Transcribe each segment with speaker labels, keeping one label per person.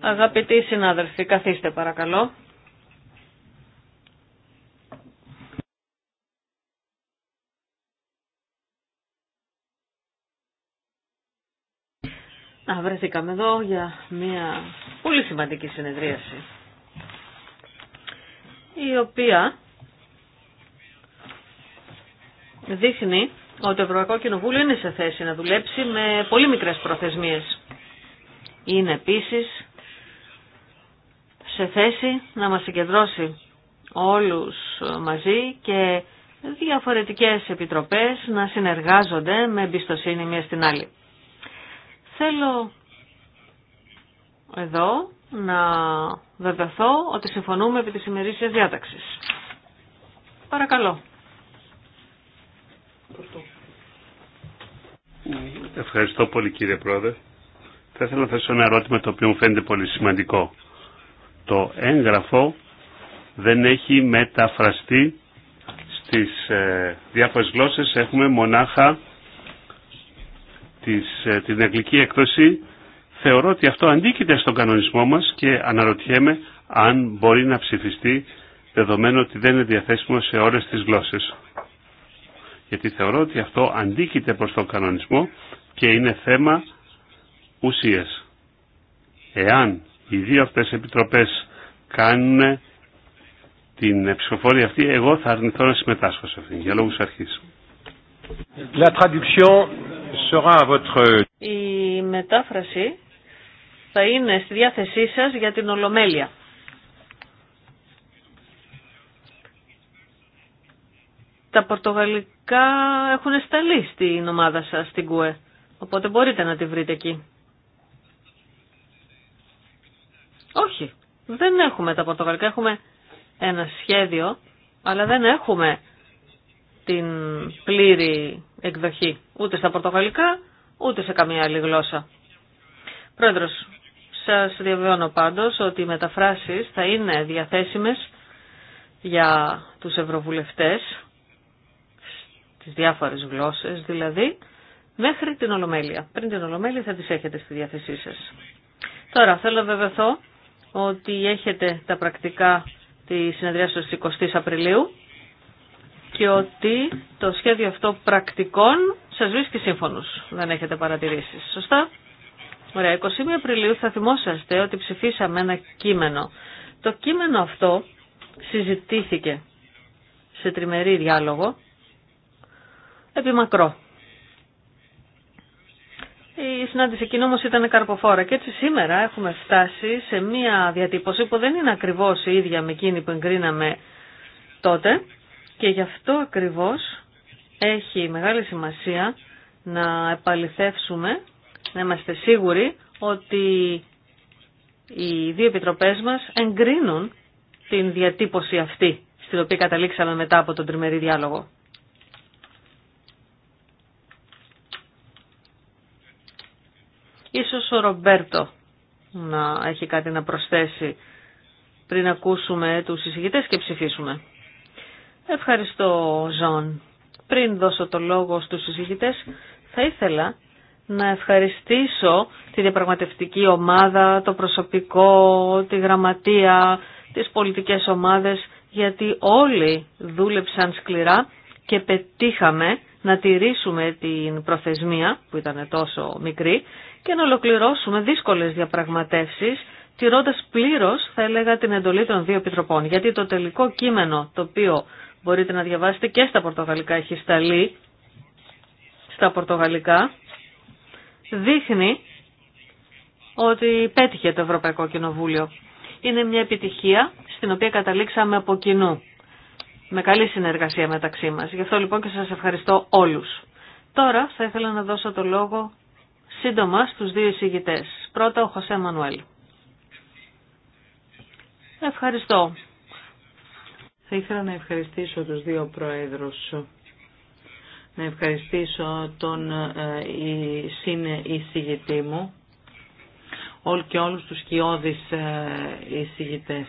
Speaker 1: Αγαπητοί συνάδελφοι, καθίστε παρακαλώ. Να βρεθήκαμε εδώ για μια πολύ σημαντική συνεδρίαση η οποία δείχνει ότι το Ευρωπαϊκό Κοινοβούλιο είναι σε θέση να δουλέψει με πολύ μικρές προθεσμίες. Είναι επίσης σε θέση να μας συγκεντρώσει όλους μαζί και διαφορετικές επιτροπές να συνεργάζονται με εμπιστοσύνη μία στην άλλη. Θέλω εδώ να βεβαιωθώ ότι συμφωνούμε επί της ημερήσιας διάταξης. Παρακαλώ.
Speaker 2: Ευχαριστώ πολύ κύριε Πρόεδρε. Θα ήθελα να θέσω ένα ερώτημα το οποίο μου φαίνεται πολύ σημαντικό. Το έγγραφο δεν έχει μεταφραστεί στις ε, διάφορες γλώσσες. Έχουμε μονάχα της ε, την αγγλική έκδοση Θεωρώ ότι αυτό αντίκειται στον κανονισμό μας και αναρωτιέμαι αν μπορεί να ψηφιστεί δεδομένου ότι δεν είναι διαθέσιμο σε όλες τις γλώσσες. Γιατί θεωρώ ότι αυτό αντίκειται προς τον κανονισμό και είναι θέμα ουσίας. Εάν οι δύο αυτές επιτροπές κάνουν την ψηφοφορία αυτή, εγώ θα αρνηθώ να συμμετάσχω σε αυτήν, για λόγους αρχής.
Speaker 1: Η μετάφραση θα είναι στη διάθεσή σας για την Ολομέλεια. Τα πορτογαλικά έχουν σταλεί στην ομάδα σας, στην ΚΟΕ, οπότε μπορείτε να τη βρείτε εκεί. Όχι, δεν έχουμε τα πορτογαλικά, έχουμε ένα σχέδιο, αλλά δεν έχουμε την πλήρη εκδοχή, ούτε στα πορτογαλικά, ούτε σε καμία άλλη γλώσσα. Πρόεδρος, σας διαβεβαιώνω πάντως ότι οι μεταφράσεις θα είναι διαθέσιμες για τους ευρωβουλευτές, τις διάφορες γλώσσες δηλαδή, μέχρι την Ολομέλεια. Πριν την Ολομέλεια θα τις έχετε στη διάθεσή σας. Τώρα θέλω να βεβαιωθώ ότι έχετε τα πρακτικά τη συνεδρία στις 20 Απριλίου και ότι το σχέδιο αυτό πρακτικών σας βρίσκει σύμφωνος. Δεν έχετε παρατηρήσεις. Σωστά. Ωραία, 21 Απριλίου θα θυμόσαστε ότι ψηφίσαμε ένα κείμενο. Το κείμενο αυτό συζητήθηκε σε τριμερή διάλογο επί μακρό. Η συνάντηση εκείνη όμως ήταν καρποφόρα και έτσι σήμερα έχουμε φτάσει σε μια διατύπωση που δεν είναι ακριβώς η ίδια με εκείνη που εγκρίναμε τότε και γι' αυτό ακριβώς έχει μεγάλη σημασία να επαληθεύσουμε να είμαστε σίγουροι ότι οι δύο επιτροπές μας εγκρίνουν την διατύπωση αυτή στην οποία καταλήξαμε μετά από τον τριμερή διάλογο. Ίσως ο Ρομπέρτο να έχει κάτι να προσθέσει πριν ακούσουμε τους συζητητές και ψηφίσουμε. Ευχαριστώ Ζων. Πριν δώσω το λόγο στους συζητητές θα ήθελα να ευχαριστήσω τη διαπραγματευτική ομάδα, το προσωπικό, τη γραμματεία, τις πολιτικές ομάδες, γιατί όλοι δούλεψαν σκληρά και πετύχαμε να τηρήσουμε την προθεσμία, που ήταν τόσο μικρή, και να ολοκληρώσουμε δύσκολες διαπραγματεύσεις, τηρώντας πλήρως, θα έλεγα, την εντολή των δύο επιτροπών. Γιατί το τελικό κείμενο, το οποίο μπορείτε να διαβάσετε και στα πορτογαλικά, έχει σταλεί στα πορτογαλικά, δείχνει ότι πέτυχε το Ευρωπαϊκό Κοινοβούλιο. Είναι μια επιτυχία στην οποία καταλήξαμε από κοινού. Με καλή συνεργασία μεταξύ μας. Γι' αυτό λοιπόν και σας ευχαριστώ όλους. Τώρα θα ήθελα να δώσω το λόγο σύντομα στους δύο εισηγητές. Πρώτα ο Χωσέ Μανουέλ. Ευχαριστώ.
Speaker 3: Θα ήθελα να ευχαριστήσω τους δύο πρόεδρους να ευχαριστήσω τον ε, συνεισηγητή μου όλ και όλους τους κοιόδης ε, εισηγητές.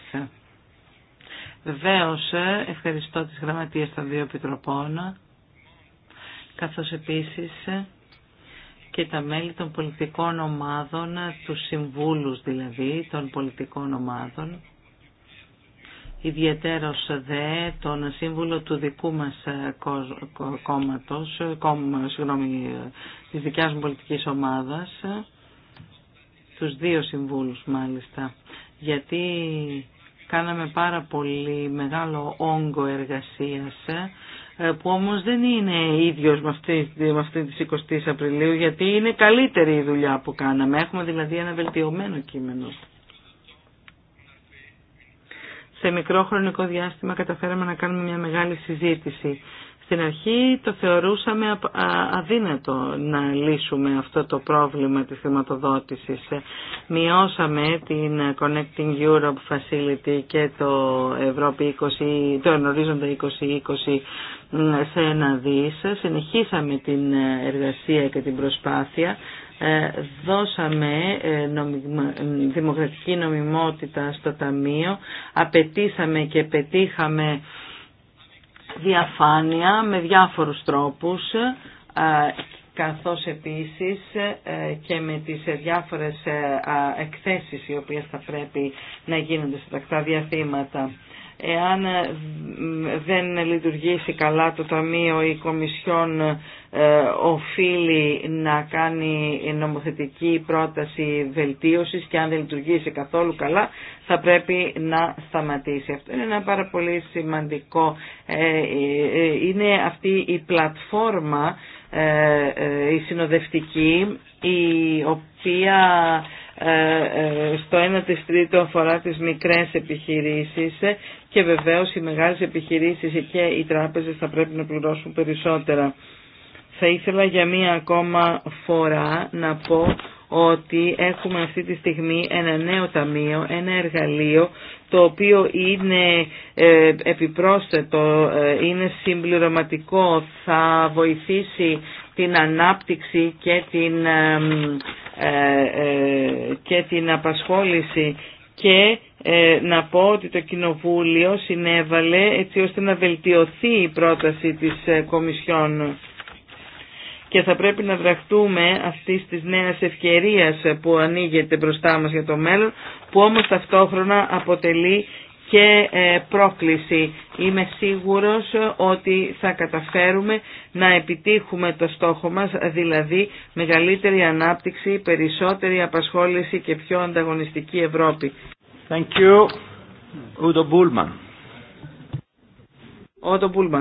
Speaker 3: Βεβαίω ε, ευχαριστώ τις γραμματείες των δύο επιτροπών, καθώς επίσης και τα μέλη των πολιτικών ομάδων, του συμβούλους δηλαδή των πολιτικών ομάδων, Ιδιαίτερο δε τον σύμβουλο του δικού μας ε, κόμματος, ε, κόμμα, συγγνώμη, της δικιάς μου πολιτικής ομάδας, ε, τους δύο συμβούλους μάλιστα, γιατί κάναμε πάρα πολύ μεγάλο όγκο εργασίας, που όμως δεν είναι ίδιος με αυτή, με αυτή της 20 Απριλίου, γιατί είναι καλύτερη η δουλειά που κάναμε. Έχουμε δηλαδή ένα βελτιωμένο κείμενο σε μικρό χρονικό διάστημα καταφέραμε να κάνουμε μια μεγάλη συζήτηση. Στην αρχή το θεωρούσαμε αδύνατο να λύσουμε αυτό το πρόβλημα της χρηματοδότησης. Μειώσαμε την Connecting Europe Facility και το, Ευρώπη 20, το Ενορίζοντα 2020 σε ένα Συνεχίσαμε την εργασία και την προσπάθεια ε, δώσαμε ε, ε, δημοκρατική νομιμότητα στο Ταμείο, απαιτήσαμε και πετύχαμε διαφάνεια με διάφορους τρόπους καθώς επίσης και με τις διάφορες εκθέσεις οι οποίες θα πρέπει να γίνονται στα τακτά διαθήματα. Εάν ε, δεν λειτουργήσει καλά το Ταμείο, η Κομισιόν ε, οφείλει να κάνει νομοθετική πρόταση βελτίωσης και αν δεν λειτουργήσει καθόλου καλά θα πρέπει να σταματήσει. Αυτό είναι ένα πάρα πολύ σημαντικό. Ε, είναι αυτή η πλατφόρμα, η συνοδευτική, η οποία ε, ε, στο 1 της τρίτο αφορά τις μικρές επιχειρήσεις και βεβαίως οι μεγάλες επιχειρήσεις και οι τράπεζες θα πρέπει να πληρώσουν περισσότερα. Θα ήθελα για μία ακόμα φορά να πω ότι έχουμε αυτή τη στιγμή ένα νέο ταμείο, ένα εργαλείο το οποίο είναι ε, επιπρόσθετο, είναι συμπληρωματικό, θα βοηθήσει την ανάπτυξη και την, ε, ε, και την απασχόληση και ε, να πω ότι το Κοινοβούλιο συνέβαλε έτσι ώστε να βελτιωθεί η πρόταση της Κομισιόν και θα πρέπει να δραχτούμε αυτή της νέας ευκαιρίας που ανοίγεται μπροστά μας για το μέλλον, που όμως ταυτόχρονα αποτελεί και ε, πρόκληση. Είμαι σίγουρος ότι θα καταφέρουμε να επιτύχουμε το στόχο μας, δηλαδή μεγαλύτερη ανάπτυξη, περισσότερη απασχόληση και πιο ανταγωνιστική Ευρώπη. Thank you. Udo Udo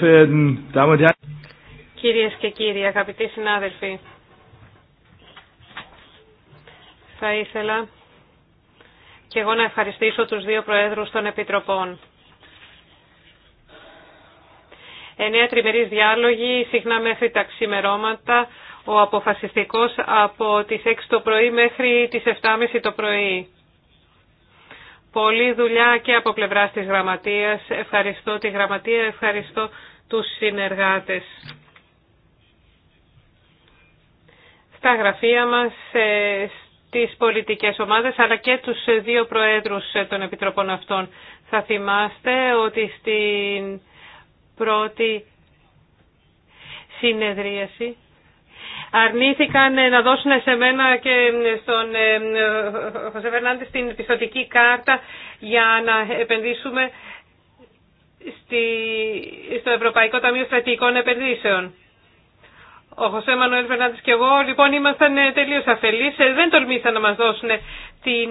Speaker 2: ε,
Speaker 4: Κυρίες και κύριοι, αγαπητοί συνάδελφοι, θα ήθελα και εγώ να ευχαριστήσω τους δύο Προέδρους των Επιτροπών. Εννέα τριμερείς διάλογοι, συχνά μέχρι τα ξημερώματα, ο αποφασιστικός από τις 6 το πρωί μέχρι τις 7.30 το πρωί. Πολύ δουλειά και από πλευράς της γραμματείας. Ευχαριστώ τη γραμματεία, ευχαριστώ τους συνεργάτες. Στα γραφεία μας, τις πολιτικές ομάδες αλλά και τους δύο προέδρους των επιτροπών αυτών. Θα θυμάστε ότι στην πρώτη συνεδρίαση αρνήθηκαν να δώσουν σε μένα και στον ε, Χωσέ Φερνάντη την πιστοτική κάρτα για να επενδύσουμε στο Ευρωπαϊκό Ταμείο Στρατηγικών Επενδύσεων. Ο Χωσέ Μανουέλ Βερνάντη και εγώ λοιπόν ήμασταν ε, τελείως αφελεί. Ε, δεν τολμήσαν να μας δώσουν ε, την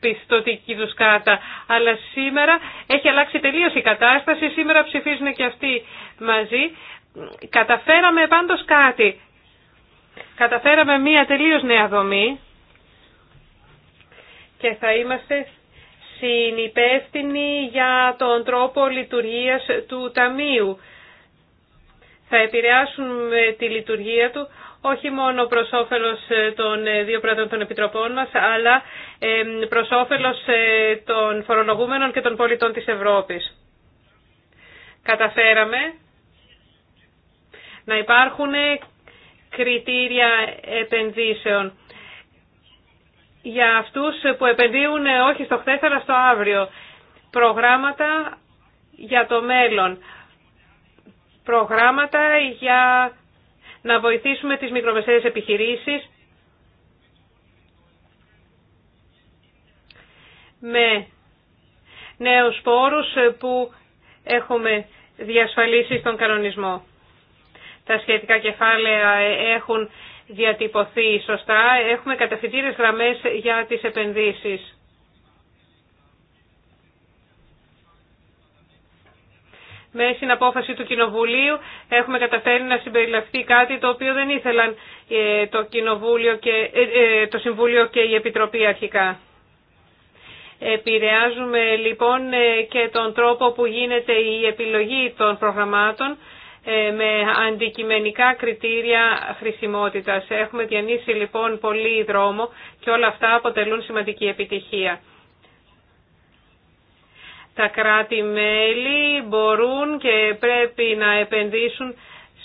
Speaker 4: πιστοτική του κάρτα. Αλλά σήμερα έχει αλλάξει τελείω η κατάσταση. Σήμερα ψηφίζουν και αυτοί μαζί. Καταφέραμε πάντως κάτι. Καταφέραμε μία τελείω νέα δομή και θα είμαστε συνυπεύθυνοι για τον τρόπο λειτουργίας του Ταμείου θα επηρεάσουν τη λειτουργία του όχι μόνο προς όφελος ε, των ε, δύο πρόεδρων των επιτροπών μας, αλλά ε, προς όφελος των φορολογούμενων και των πολιτών της Ευρώπης. Καταφέραμε να υπάρχουν κριτήρια επενδύσεων για αυτούς που επενδύουν όχι στο χθες αλλά στο αύριο. Προγράμματα για το μέλλον προγράμματα για να βοηθήσουμε τις μικρομεσαίες επιχειρήσεις με νέους πόρους που έχουμε διασφαλίσει στον κανονισμό. Τα σχετικά κεφάλαια έχουν διατυπωθεί σωστά. Έχουμε κατευθυντήρες γραμμές για τις επενδύσεις. με απόφαση του Κοινοβουλίου έχουμε καταφέρει να συμπεριλαφθεί κάτι το οποίο δεν ήθελαν ε, το, κοινοβούλιο και, ε, ε, το Συμβούλιο και η Επιτροπή αρχικά. Επηρεάζουμε λοιπόν και τον τρόπο που γίνεται η επιλογή των προγραμμάτων με αντικειμενικά κριτήρια χρησιμότητας. Έχουμε διανύσει λοιπόν πολύ δρόμο και όλα αυτά αποτελούν σημαντική επιτυχία. Τα κράτη-μέλη μπορούν και πρέπει να επενδύσουν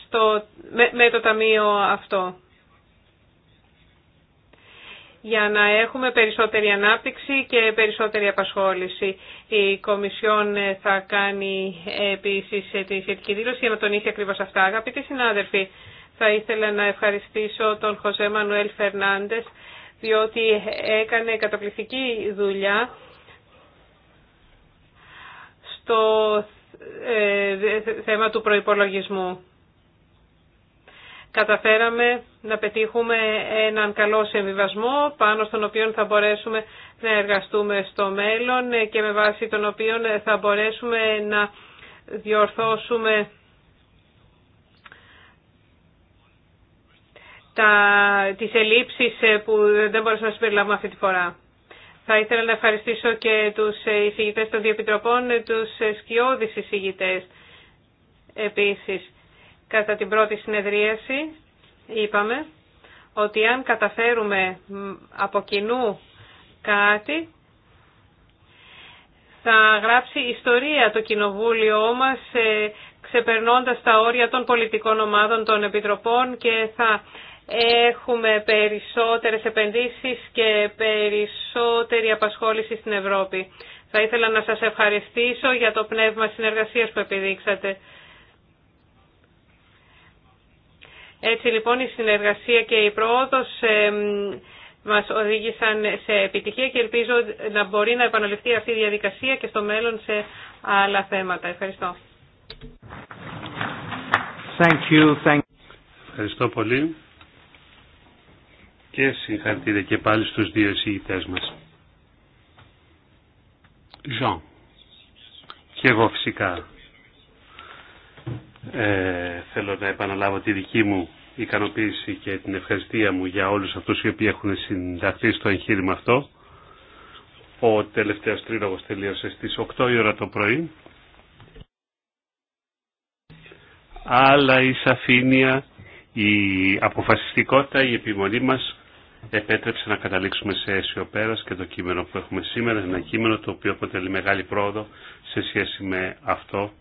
Speaker 4: στο, με, το Ταμείο αυτό. Για να έχουμε περισσότερη ανάπτυξη και περισσότερη απασχόληση. Η Κομισιόν θα κάνει επίσης τη σχετική δήλωση για να τονίσει ακριβώς αυτά. Αγαπητοί συνάδελφοι, θα ήθελα να ευχαριστήσω τον Χωσέ Μανουέλ Φερνάντες διότι έκανε καταπληκτική δουλειά στο ε, θέμα του προϋπολογισμού. Καταφέραμε να πετύχουμε έναν καλό συμβιβασμό πάνω στον οποίο θα μπορέσουμε να εργαστούμε στο μέλλον και με βάση τον οποίο θα μπορέσουμε να διορθώσουμε τα, τις ελλείψεις που δεν μπορούσαμε να συμπεριλάβουμε αυτή τη φορά. Θα ήθελα να ευχαριστήσω και τους εισηγητές των δύο επιτροπών, τους σκιώδεις εισηγητές επίσης. Κατά την πρώτη συνεδρίαση είπαμε ότι αν καταφέρουμε από κοινού κάτι, θα γράψει ιστορία το κοινοβούλιο μας ε, ξεπερνώντας τα όρια των πολιτικών ομάδων των επιτροπών και θα έχουμε περισσότερες επενδύσεις και περισσότερη απασχόληση στην Ευρώπη. Θα ήθελα να σας ευχαριστήσω για το πνεύμα συνεργασίας που επιδείξατε. Έτσι λοιπόν η συνεργασία και η πρόοδος μας οδήγησαν σε επιτυχία και ελπίζω να μπορεί να επαναληφθεί αυτή η διαδικασία και στο μέλλον σε άλλα θέματα. Ευχαριστώ.
Speaker 2: Ευχαριστώ πολύ και συγχαρητήρια και πάλι στους δύο εισηγητές μας. Ζων. Και εγώ φυσικά ε, θέλω να επαναλάβω τη δική μου ικανοποίηση και την ευχαριστία μου για όλους αυτούς οι οποίοι έχουν συνταχθεί στο εγχείρημα αυτό. Ο τελευταίος τρίλογος τελείωσε στις 8 η ώρα το πρωί. Αλλά η σαφήνεια, η αποφασιστικότητα, η επιμονή μας επέτρεψε να καταλήξουμε σε αίσιο πέρας και το κείμενο που έχουμε σήμερα είναι ένα κείμενο το οποίο αποτελεί μεγάλη πρόοδο σε σχέση με αυτό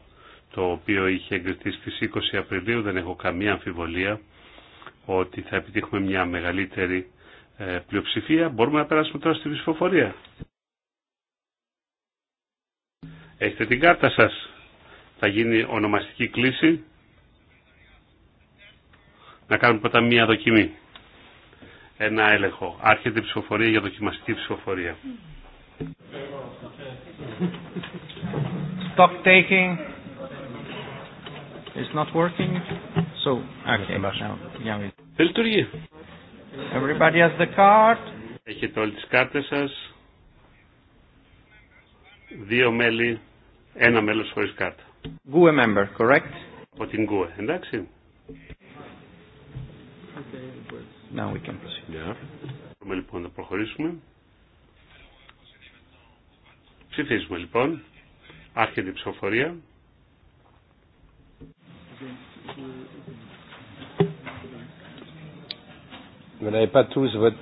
Speaker 2: το οποίο είχε εγκριθεί στις 20 Απριλίου. Δεν έχω καμία αμφιβολία ότι θα επιτύχουμε μια μεγαλύτερη ε, πλειοψηφία. Μπορούμε να περάσουμε τώρα στη ψηφοφορία. Έχετε την κάρτα σας. Θα γίνει ονομαστική κλίση. Να κάνουμε πρώτα μία δοκιμή ένα έλεγχο. Άρχεται η ψηφοφορία για δοκιμαστική ψηφοφορία.
Speaker 4: Stock taking is not working. So, okay.
Speaker 2: Δεν λειτουργεί. Everybody has the card. Έχετε όλες τις κάρτες σας. Δύο μέλη, ένα μέλος χωρίς κάρτα. GUE member, correct? Από την GUE, εντάξει. Now we can proceed. Yeah. Μπορούμε λοιπόν να προχωρήσουμε. Ψηφίζουμε λοιπόν. Άρχεται η ψηφοφορία. Vous n'avez pas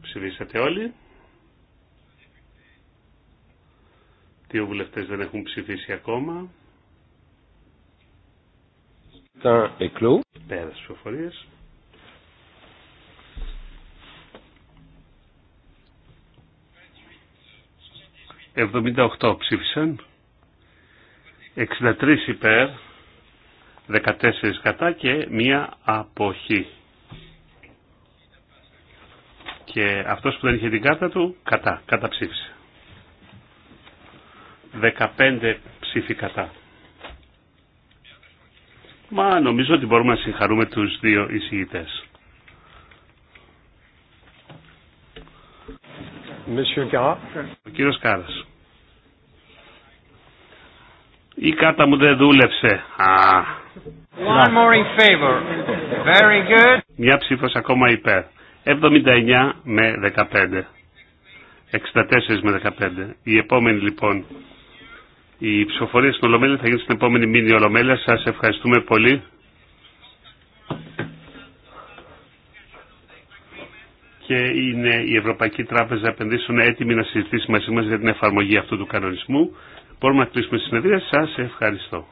Speaker 2: Ψηφίσατε όλοι. Δύο βουλευτέ δεν έχουν ψηφίσει ακόμα. Πέρα τι ψηφοφορίε. 78 ψήφισαν, 63 υπέρ, 14 κατά και μία αποχή. Και αυτός που δεν είχε την κάρτα του, κατά, καταψήφισε. 15 ψήφι κατά. Μα νομίζω ότι μπορούμε να συγχαρούμε τους δύο εισηγητές. Ο κύριος Κάρας. Η κάρτα μου δεν δούλεψε. Μια ψηφο ακόμα υπέρ. 79 με 15. 64 με 15. Η επόμενη λοιπόν. Η ψηφοφορία στην Ολομέλεια θα γίνει στην επόμενη μήνυ Ολομέλεια. Σας ευχαριστούμε πολύ. Και είναι η Ευρωπαϊκή Τράπεζα Επενδύσεων έτοιμη να συζητήσει μαζί μας για την εφαρμογή αυτού του κανονισμού. Μπορούμε να κλείσουμε τη συνεδρία. Σα ευχαριστώ.